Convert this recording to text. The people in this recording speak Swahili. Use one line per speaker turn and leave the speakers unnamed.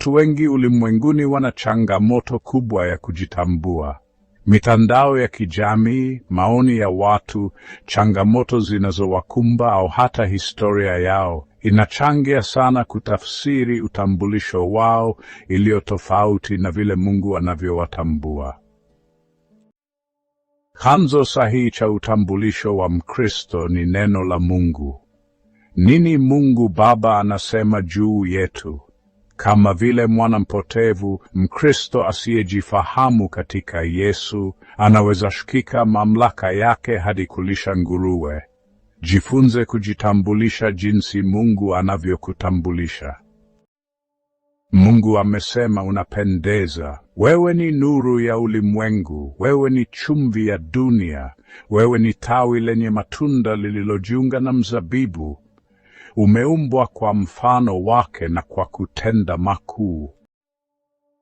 Watu wengi ulimwenguni wana changamoto kubwa ya kujitambua. Mitandao ya kijamii, maoni ya watu, changamoto zinazowakumba au hata historia yao inachangia sana kutafsiri utambulisho wao iliyo tofauti na vile Mungu anavyowatambua. Chanzo sahihi cha utambulisho wa Mkristo ni neno la Mungu. Nini Mungu Baba anasema juu yetu? kama vile mwana mpotevu Mkristo asiyejifahamu katika Yesu anaweza shikika mamlaka yake hadi kulisha nguruwe. Jifunze kujitambulisha jinsi Mungu anavyokutambulisha. Mungu amesema unapendeza. Wewe ni nuru ya ulimwengu, wewe ni chumvi ya dunia, wewe ni tawi lenye matunda lililojiunga na mzabibu umeumbwa kwa mfano wake na kwa kutenda makuu.